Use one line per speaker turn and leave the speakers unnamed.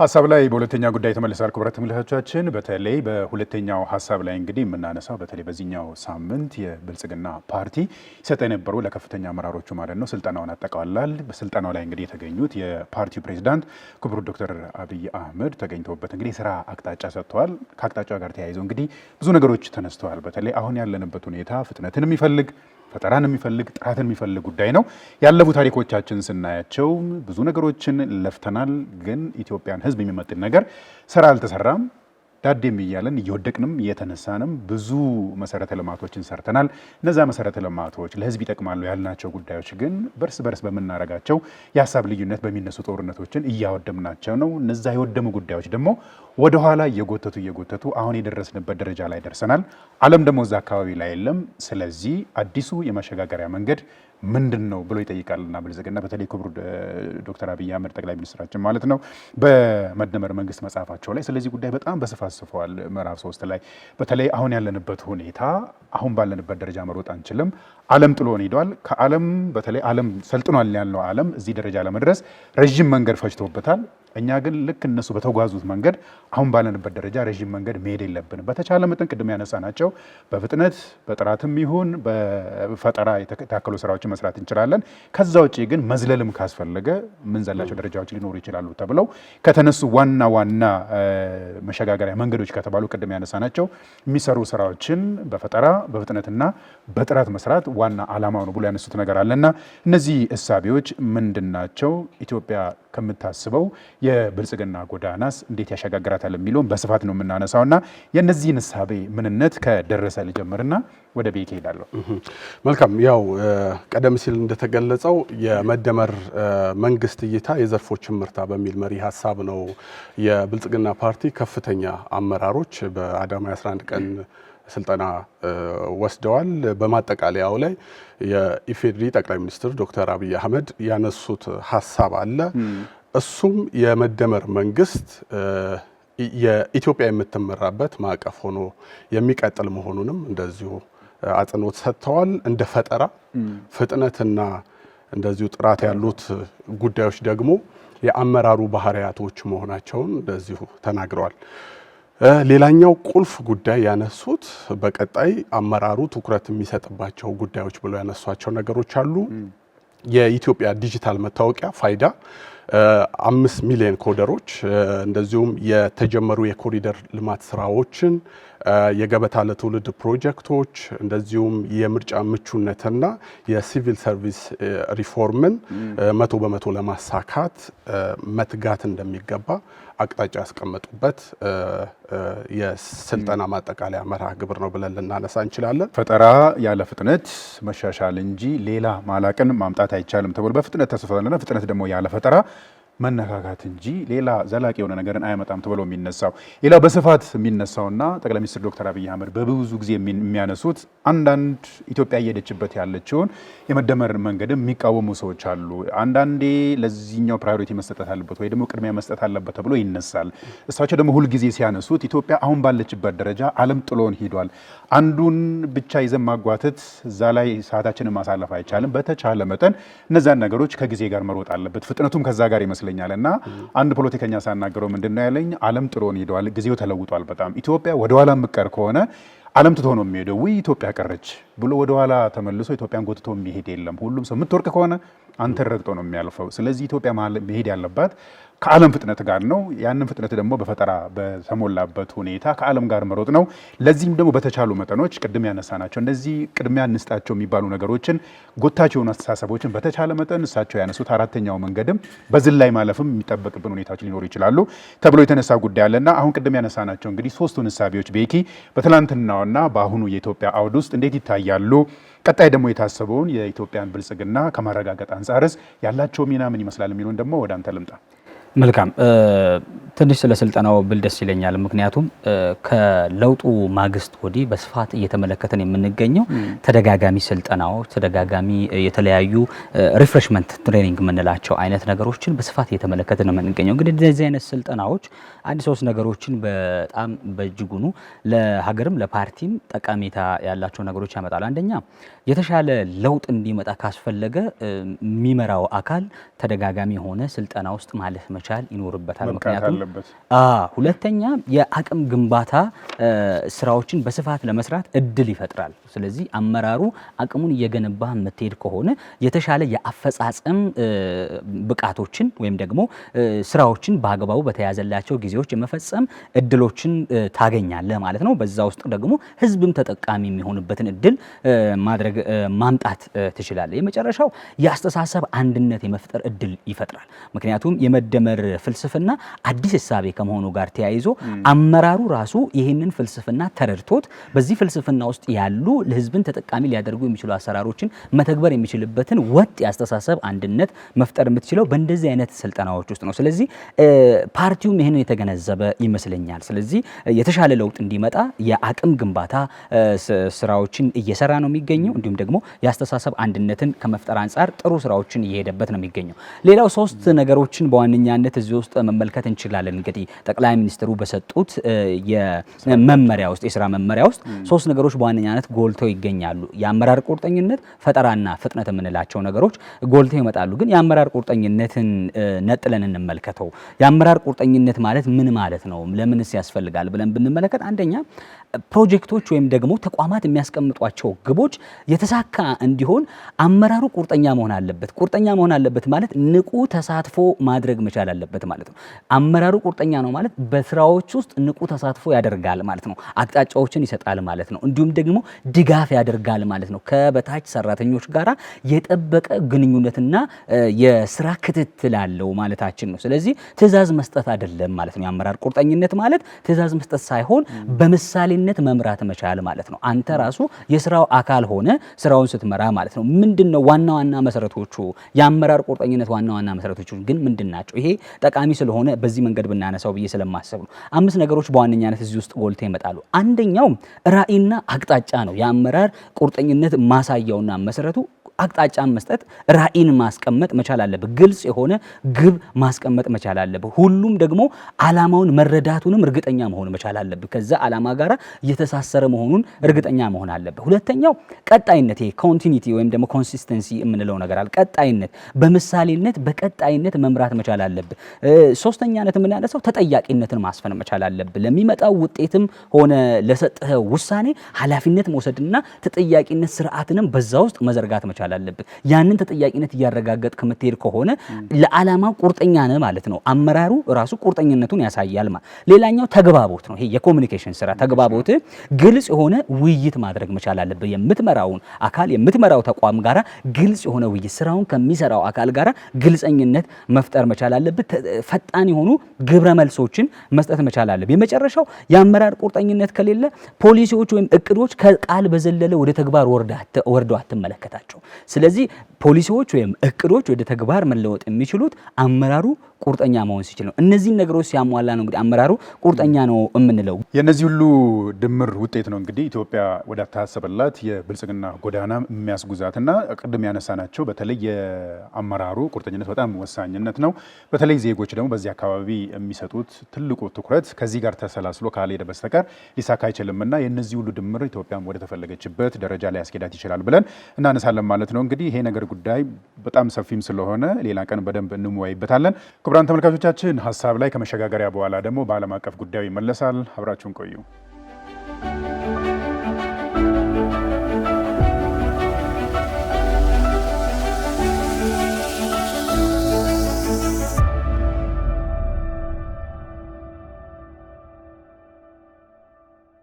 ሀሳብ ላይ በሁለተኛ ጉዳይ ተመልሳል። ክቡራት ተመልካቾቻችን በተለይ በሁለተኛው ሀሳብ ላይ እንግዲህ የምናነሳው በተለይ በዚህኛው ሳምንት የብልጽግና ፓርቲ ሰጠ የነበሩ ለከፍተኛ አመራሮቹ ማለት ነው ስልጠናውን አጠቃላል። በስልጠናው ላይ እንግዲህ የተገኙት የፓርቲው ፕሬዚዳንት ክቡር ዶክተር አብይ አህመድ ተገኝተውበት እንግዲህ የስራ አቅጣጫ ሰጥተዋል። ከአቅጣጫ ጋር ተያይዘው እንግዲህ ብዙ ነገሮች ተነስተዋል። በተለይ አሁን ያለንበት ሁኔታ ፍጥነትን የሚፈልግ ፈጠራን የሚፈልግ ጥራትን የሚፈልግ ጉዳይ ነው። ያለፉ ታሪኮቻችን ስናያቸው ብዙ ነገሮችን ለፍተናል፣ ግን ኢትዮጵያን ሕዝብ የሚመጥን ነገር ስራ አልተሰራም። ዳዴም እያለን እየወደቅንም እየተነሳንም ብዙ መሰረተ ልማቶችን ሰርተናል። እነዛ መሰረተ ልማቶች ለህዝብ ይጠቅማሉ ያልናቸው ጉዳዮች ግን በርስ በርስ በምናረጋቸው የሀሳብ ልዩነት በሚነሱ ጦርነቶችን እያወደምናቸው ነው። እነዛ የወደሙ ጉዳዮች ደግሞ ወደኋላ እየጎተቱ እየጎተቱ አሁን የደረስንበት ደረጃ ላይ ደርሰናል። ዓለም ደግሞ እዛ አካባቢ ላይ የለም። ስለዚህ አዲሱ የመሸጋገሪያ መንገድ ምንድን ነው ብሎ ይጠይቃልና ብልጽግና በተለይ ክቡር ዶክተር አብይ አህመድ ጠቅላይ ሚኒስትራችን ማለት ነው በመደመር መንግስት መጽሐፋቸው ላይ ስለዚህ ጉዳይ በጣም በስፋት ጽፈዋል። ምዕራፍ ሶስት ላይ በተለይ አሁን ያለንበት ሁኔታ አሁን ባለንበት ደረጃ መሮጥ አንችልም ዓለም ጥሎን ሄዷል። ከዓለም በተለይ ዓለም ሰልጥኗል ያለው ዓለም እዚህ ደረጃ ለመድረስ ረዥም መንገድ ፈጅቶበታል። እኛ ግን ልክ እነሱ በተጓዙት መንገድ አሁን ባለንበት ደረጃ ረዥም መንገድ መሄድ የለብንም። በተቻለ መጠን ቅድም ያነሳ ናቸው በፍጥነት በጥራትም ይሁን በፈጠራ የተካከሉ ስራዎችን መስራት እንችላለን። ከዛ ውጭ ግን መዝለልም ካስፈለገ ምንዘላቸው ደረጃዎች ሊኖሩ ይችላሉ ተብለው ከተነሱ ዋና ዋና መሸጋገሪያ መንገዶች ከተባሉ ቅድም ያነሳ ናቸው የሚሰሩ ስራዎችን በፈጠራ በፍጥነትና በጥራት መስራት ዋና ዓላማው ነው ብሎ ያነሱት ነገር አለ እና እነዚህ እሳቤዎች ምንድን ናቸው? ኢትዮጵያ ከምታስበው የብልጽግና ጎዳናስ እንዴት ያሸጋግራታል የሚለውን በስፋት ነው የምናነሳው እና የእነዚህን እሳቤ ምንነት ከደረሰ ልጀምርና ወደ ቤት እሄዳለሁ።
መልካም። ያው ቀደም ሲል እንደተገለጸው የመደመር መንግስት እይታ የዘርፎችን ምርታ በሚል መሪ ሀሳብ ነው የብልጽግና ፓርቲ ከፍተኛ አመራሮች በአዳማ 11 ቀን ስልጠና ወስደዋል። በማጠቃለያው ላይ የኢፌዴሪ ጠቅላይ ሚኒስትር ዶክተር አብይ አህመድ ያነሱት ሀሳብ አለ። እሱም የመደመር መንግስት የኢትዮጵያ የምትመራበት ማዕቀፍ ሆኖ የሚቀጥል መሆኑንም እንደዚሁ አጽንኦት ሰጥተዋል። እንደ ፈጠራ ፍጥነትና እንደዚሁ ጥራት ያሉት ጉዳዮች ደግሞ የአመራሩ ባህሪያቶች መሆናቸውን እንደዚሁ ተናግረዋል። ሌላኛው ቁልፍ ጉዳይ ያነሱት በቀጣይ አመራሩ ትኩረት የሚሰጥባቸው ጉዳዮች ብለው ያነሷቸው ነገሮች አሉ። የኢትዮጵያ ዲጂታል መታወቂያ ፋይዳ አምስት ሚሊዮን ኮደሮች እንደዚሁም የተጀመሩ የኮሪደር ልማት ስራዎችን የገበታ ለትውልድ ፕሮጀክቶች እንደዚሁም የምርጫ ምቹነትና የሲቪል ሰርቪስ ሪፎርምን መቶ በመቶ ለማሳካት መትጋት እንደሚገባ አቅጣጫ ያስቀመጡበት የስልጠና ማጠቃለያ መርሃ ግብር ነው ብለን ልናነሳ እንችላለን።
ፈጠራ ያለ ፍጥነት መሻሻል እንጂ ሌላ ማላቅን ማምጣት አይቻልም ተብሎ በፍጥነት ተስፋለና ፍጥነት ደግሞ ያለ ፈጠራ መነካካት እንጂ ሌላ ዘላቂ የሆነ ነገርን አያመጣም ተብሎ የሚነሳው ሌላው በስፋት የሚነሳውና ጠቅላይ ሚኒስትር ዶክተር አብይ አህመድ በብዙ ጊዜ የሚያነሱት አንዳንድ ኢትዮጵያ እየሄደችበት ያለችውን የመደመር መንገድም የሚቃወሙ ሰዎች አሉ። አንዳንዴ ለዚህኛው ፕራዮሪቲ መስጠት አለበት ወይ ደግሞ ቅድሚያ መስጠት አለበት ተብሎ ይነሳል። እሳቸው ደግሞ ሁልጊዜ ሲያነሱት ኢትዮጵያ አሁን ባለችበት ደረጃ ዓለም ጥሎን ሂዷል። አንዱን ብቻ ይዘን ማጓተት እዛ ላይ ሰዓታችንን ማሳለፍ አይቻልም። በተቻለ መጠን እነዚያን ነገሮች ከጊዜ ጋር መሮጥ አለበት። ፍጥነቱም ከዛ ጋር ይመስላል ይመስለኛል። እና አንድ ፖለቲከኛ ሳናገረው ምንድን ነው ያለኝ፣ ዓለም ጥሎን ሄደዋል፣ ጊዜው ተለውጧል በጣም ኢትዮጵያ ወደኋላ የምቀር ከሆነ ዓለም ትቶ ነው የሚሄደው። ውይ ኢትዮጵያ ቀረች ብሎ ወደኋላ ተመልሶ ኢትዮጵያን ጎትቶ የሚሄድ የለም። ሁሉም ሰው የምትወርቅ ከሆነ አንተን ረግጦ ነው የሚያልፈው። ስለዚህ ኢትዮጵያ መሄድ ያለባት ከዓለም ፍጥነት ጋር ነው። ያንን ፍጥነት ደግሞ በፈጠራ በተሞላበት ሁኔታ ከዓለም ጋር መሮጥ ነው። ለዚህም ደግሞ በተቻሉ መጠኖች ቅድም ያነሳ ናቸው እነዚህ ቅድሚያ እንስጣቸው የሚባሉ ነገሮችን ጎታቸው የሆኑ አስተሳሰቦችን በተቻለ መጠን እሳቸው ያነሱት አራተኛው መንገድም በዝን ላይ ማለፍም የሚጠበቅብን ሁኔታዎች ሊኖሩ ይችላሉ ተብሎ የተነሳ ጉዳይ አለና አሁን ቅድም ያነሳ ናቸው እንግዲህ ሶስቱ ንሳቤዎች ቤኪ በትላንትናውና በአሁኑ የኢትዮጵያ አውድ ውስጥ እንዴት ይታያሉ? ቀጣይ ደግሞ የታሰበውን የኢትዮጵያን ብልጽግና ከማረጋገጥ አንጻርስ ያላቸው ሚና ምን ይመስላል? የሚለውን ደግሞ ወደ አንተ ልምጣ።
መልካም ትንሽ ስለ ስልጠናው ብል ደስ ይለኛል። ምክንያቱም ከለውጡ ማግስት ወዲህ በስፋት እየተመለከተን የምንገኘው ተደጋጋሚ ስልጠናዎች፣ ተደጋጋሚ የተለያዩ ሪፍሬሽመንት ትሬኒንግ የምንላቸው አይነት ነገሮችን በስፋት እየተመለከተን የምንገኘው እንግዲህ እንደዚህ አይነት ስልጠናዎች አንድ ሶስት ነገሮችን በጣም በእጅጉኑ ለሀገርም ለፓርቲም ጠቀሜታ ያላቸው ነገሮች ያመጣል። አንደኛ የተሻለ ለውጥ እንዲመጣ ካስፈለገ የሚመራው አካል ተደጋጋሚ የሆነ ስልጠና ውስጥ ማለፍ መቻል መቻል ይኖርበታል። ምክንያቱም ሁለተኛ የአቅም ግንባታ ስራዎችን በስፋት ለመስራት እድል ይፈጥራል። ስለዚህ አመራሩ አቅሙን እየገነባ የምትሄድ ከሆነ የተሻለ የአፈጻጸም ብቃቶችን ወይም ደግሞ ስራዎችን በአግባቡ በተያዘላቸው ጊዜዎች የመፈጸም እድሎችን ታገኛለህ ማለት ነው። በዛ ውስጥ ደግሞ ህዝብም ተጠቃሚ የሚሆንበትን እድል ማድረግ ማምጣት ትችላለህ። የመጨረሻው የአስተሳሰብ አንድነት የመፍጠር እድል ይፈጥራል። ምክንያቱም የመደመ መመር ፍልስፍና አዲስ እሳቤ ከመሆኑ ጋር ተያይዞ አመራሩ ራሱ ይህንን ፍልስፍና ተረድቶት በዚህ ፍልስፍና ውስጥ ያሉ ለህዝብን ተጠቃሚ ሊያደርጉ የሚችሉ አሰራሮችን መተግበር የሚችልበትን ወጥ የአስተሳሰብ አንድነት መፍጠር የምትችለው በእንደዚህ አይነት ስልጠናዎች ውስጥ ነው። ስለዚህ ፓርቲውም ይህንን የተገነዘበ ይመስለኛል። ስለዚህ የተሻለ ለውጥ እንዲመጣ የአቅም ግንባታ ስራዎችን እየሰራ ነው የሚገኘው። እንዲሁም ደግሞ የአስተሳሰብ አንድነትን ከመፍጠር አንጻር ጥሩ ስራዎችን እየሄደበት ነው የሚገኘው። ሌላው ሶስት ነገሮችን በዋነኛ በዋናነት እዚህ ውስጥ መመልከት እንችላለን። እንግዲህ ጠቅላይ ሚኒስትሩ በሰጡት የመመሪያ ውስጥ የስራ መመሪያ ውስጥ ሶስት ነገሮች በዋነኛነት ጎልተው ይገኛሉ። የአመራር ቁርጠኝነት፣ ፈጠራና ፍጥነት የምንላቸው ነገሮች ጎልተው ይመጣሉ። ግን የአመራር ቁርጠኝነትን ነጥለን እንመልከተው። የአመራር ቁርጠኝነት ማለት ምን ማለት ነው? ለምንስ ያስፈልጋል ብለን ብንመለከት አንደኛ ፕሮጀክቶች ወይም ደግሞ ተቋማት የሚያስቀምጧቸው ግቦች የተሳካ እንዲሆን አመራሩ ቁርጠኛ መሆን አለበት። ቁርጠኛ መሆን አለበት ማለት ንቁ ተሳትፎ ማድረግ መቻል መቻል አለበት ማለት ነው። አመራሩ ቁርጠኛ ነው ማለት በስራዎች ውስጥ ንቁ ተሳትፎ ያደርጋል ማለት ነው። አቅጣጫዎችን ይሰጣል ማለት ነው። እንዲሁም ደግሞ ድጋፍ ያደርጋል ማለት ነው። ከበታች ሰራተኞች ጋር የጠበቀ ግንኙነትና የስራ ክትትል አለው ማለታችን ነው። ስለዚህ ትዕዛዝ መስጠት አይደለም ማለት ነው። የአመራር ቁርጠኝነት ማለት ትዕዛዝ መስጠት ሳይሆን በምሳሌነት መምራት መቻል ማለት ነው። አንተ ራሱ የስራው አካል ሆነ ስራውን ስትመራ ማለት ነው። ምንድን ነው ዋና ዋና መሰረቶቹ የአመራር ቁርጠኝነት ዋና ዋና መሰረቶቹ ግን ምንድን ናቸው? ይሄ ጠቃሚ ስለሆነ በዚህ መንገድ ብናነሳው ብዬ ስለማሰብ ነው። አምስት ነገሮች በዋነኛነት እዚህ ውስጥ ጎልተ ይመጣሉ። አንደኛው ራዕይና አቅጣጫ ነው። የአመራር ቁርጠኝነት ማሳያውና መሰረቱ አቅጣጫን መስጠት፣ ራዕይን ማስቀመጥ መቻል አለብህ። ግልጽ የሆነ ግብ ማስቀመጥ መቻል አለብህ። ሁሉም ደግሞ አላማውን መረዳቱንም እርግጠኛ መሆን መቻል አለብህ። ከዛ አላማ ጋር እየተሳሰረ መሆኑን እርግጠኛ መሆን አለብህ። ሁለተኛው ቀጣይነት፣ ይሄ ኮንቲኒቲ ወይም ደግሞ ኮንሲስተንሲ የምንለው ነገር አለ። ቀጣይነት በምሳሌነት በቀጣይነት መምራት መቻል አለብህ። ሶስተኛነት የምናነሳው ተጠያቂነትን ማስፈን መቻል አለብህ። ለሚመጣው ውጤትም ሆነ ለሰጠህ ውሳኔ ኃላፊነት መውሰድና ተጠያቂነት ስርዓትንም በዛ ውስጥ መዘርጋት መቻል መቻል አለብህ። ያንን ተጠያቂነት እያረጋገጥ የምትሄድ ከሆነ ለዓላማ ቁርጠኛ ነህ ማለት ነው። አመራሩ ራሱ ቁርጠኝነቱን ያሳያል ሌላኛው ተግባቦት ነው። ይሄ የኮሚኒኬሽን ስራ ተግባቦት፣ ግልጽ የሆነ ውይይት ማድረግ መቻል አለብህ። የምትመራውን አካል የምትመራው ተቋም ጋራ ግልጽ የሆነ ውይይት ስራውን ከሚሰራው አካል ጋራ ግልጸኝነት መፍጠር መቻል አለብህ። ፈጣን የሆኑ ግብረ መልሶችን መስጠት መቻል አለብህ። የመጨረሻው የአመራር ቁርጠኝነት ከሌለ ፖሊሲዎች ወይም እቅዶች ከቃል በዘለለ ወደ ተግባር ወርደው አትመለከታቸው። ስለዚህ ፖሊሲዎች ወይም እቅዶች ወደ ተግባር መለወጥ የሚችሉት አመራሩ ቁርጠኛ መሆን ሲችል ነው። እነዚህን ነገሮች ሲያሟላ ነው እንግዲህ አመራሩ ቁርጠኛ ነው የምንለው።
የእነዚህ ሁሉ ድምር ውጤት ነው እንግዲህ ኢትዮጵያ ወዳታሰበላት የብልጽግና ጎዳና የሚያስጉዛት እና ቅድም ናቸው። በተለይ የአመራሩ ቁርጠኝነት በጣም ወሳኝነት ነው። በተለይ ዜጎች ደግሞ በዚህ አካባቢ የሚሰጡት ትልቁ ትኩረት ከዚህ ጋር ተሰላስሎ ካልሄደ በስተቀር ሊሳካ አይችልም እና የእነዚህ ሁሉ ድምር ኢትዮጵያም ወደተፈለገችበት ደረጃ ላይ ያስኬዳት ይችላል ብለን እናነሳለን ማለት ማለት ነው። እንግዲህ ይሄ ነገር ጉዳይ በጣም ሰፊም ስለሆነ ሌላ ቀን በደንብ እንወያይበታለን። ክቡራን ተመልካቾቻችን ሀሳብ ላይ ከመሸጋገሪያ በኋላ ደግሞ በዓለም አቀፍ ጉዳዩ ይመለሳል። አብራችሁን ቆዩ።